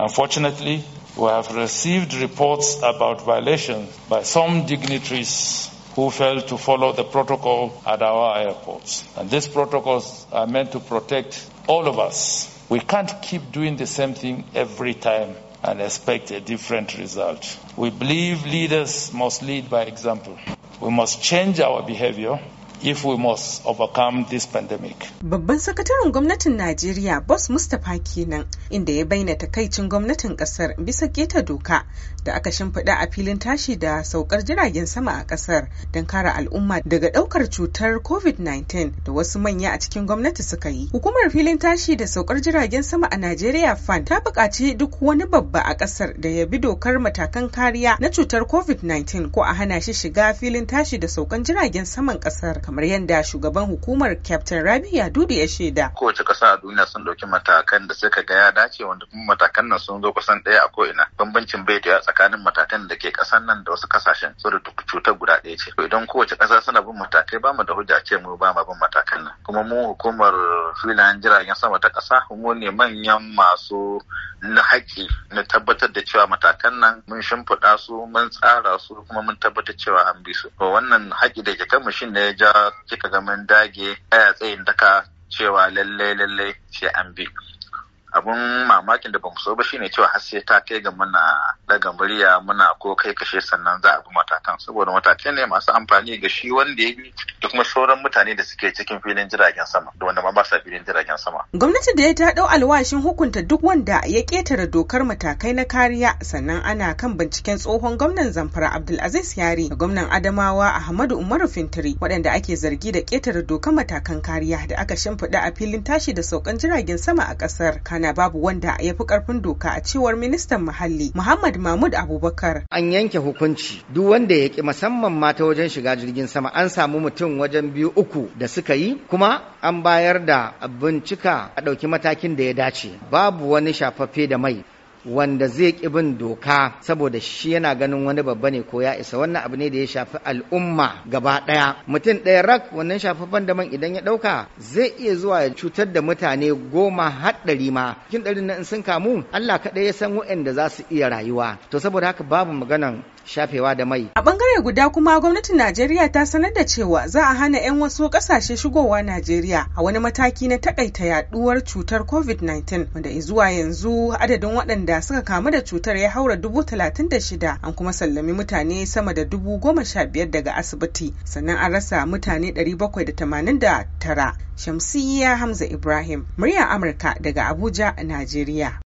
Unfortunately, we have received reports about violations by some dignitaries who failed to follow the protocol at our airports. And these protocols are meant to protect all of us. We can't keep doing the same thing every time and expect a different result. We believe leaders must lead by example. We must change our behavior if we must overcome this pandemic. Babban sakataren gwamnatin Najeriya Boss Mustapha kenan inda ya bayyana takaicin gwamnatin kasar bisa keta doka da aka shimfiɗa a filin tashi da saukar jiragen sama a kasar don kare al'umma daga ɗaukar cutar COVID-19 da wasu manya a cikin gwamnati suka yi. Hukumar filin tashi da saukar jiragen sama a Najeriya fan ta buƙaci duk wani babba a kasar da ya bi dokar matakan kariya na cutar COVID-19 ko a hana shi shiga filin tashi da saukan jiragen saman kasar. kamar yadda shugaban hukumar Captain ya Dudu ya shaida. Kowace ƙasa a duniya sun ɗauki matakan da suka ga ya dace wanda kuma matakan nan sun zo kusan ɗaya a ko'ina. Bambancin bai da tsakanin matakan da ke ƙasan nan da wasu ƙasashen so da cutar guda ɗaya ce. Idan kowace ƙasa suna bin matakai ba mu da hujja ce mu ba mu bin matakan nan. Kuma mu hukumar filayen jiragen sama ta ƙasa mu ne manyan masu na haƙƙi na tabbatar da cewa matakan nan mun shimfiɗa su mun tsara su kuma mun tabbatar cewa an bi su. Wannan haƙƙi da ke kan mashin ne ya ja kika ga mun dage ɗaya tsayin daka cewa lalle lalle sai an bi abun mamakin da bamu so ba shine cewa har sai ta kai ga muna daga murya muna ko kai kashe sannan za a bi matakan saboda matakan ne masu amfani ga shi wanda ya bi da kuma sauran mutane da suke cikin filin jiragen sama da wanda ma ba sa filin jiragen sama. Gwamnati da ta dau alwashin hukunta duk wanda ya ketare dokar matakai na kariya sannan ana kan binciken tsohon gwamnan Zamfara Abdulaziz Yari da gwamnan Adamawa Ahmadu Umaru Fintiri waɗanda ake zargi da ketare dokar matakan kariya da aka shimfiɗa a filin tashi da saukan jiragen sama a ƙasar. Kana babu wanda ya fi ƙarfin doka a cewar ministan muhalli Muhammad Mahmud Abubakar. An yanke hukunci duk wanda ya ki musamman mata wajen shiga jirgin sama an samu mutum mutum wajen biyu uku da suka yi kuma an bayar da bincika a ɗauki matakin da ya dace babu wani shafaffe da mai wanda zai ki bin doka saboda shi yana ganin wani babba ne ko ya isa wannan abu ne da ya shafi al'umma gaba ɗaya mutum ɗaya rak wannan shafaffen da man idan ya ɗauka zai iya zuwa ya cutar da mutane goma haɗari ma cikin ɗarin nan sun kamu Allah kaɗai ya san waɗanda za su iya rayuwa to saboda haka babu maganan shafewa da mai. A bangare guda kuma gwamnatin Najeriya ta sanar da cewa za a hana 'yan wasu kasashe shigowa Najeriya a wani mataki na takaita yaduwar cutar COVID-19 wanda zuwa yanzu adadin waɗanda suka kamu da cutar ya haura dubu talatin da shida an kuma sallami mutane sama da dubu goma sha biyar daga asibiti sannan an rasa mutane ɗari bakwai da tamanin da tara. Shamsiyya Hamza Ibrahim, murya Amurka daga Abuja, Najeriya.